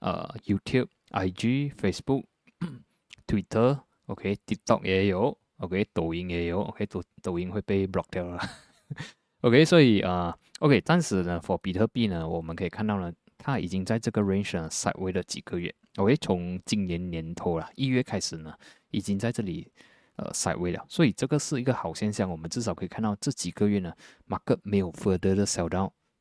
呃、uh, YouTube、IG、Facebook、 Twitter，OK，TikTok、okay, 也有，OK，抖音也有，OK，抖抖音會被 block 掉了 ，OK，所以啊 okay 暫時呢，for 比特幣呢，我們可以看到呢，它已經在這個 range 上 sideway 了幾個月，OK，從今年年頭啦，一月開始呢，已經在這裏呃 sideway 了，所以這個是一個好現象，我們至少可以看到這幾個月呢 Market 沒有 further 的 sell down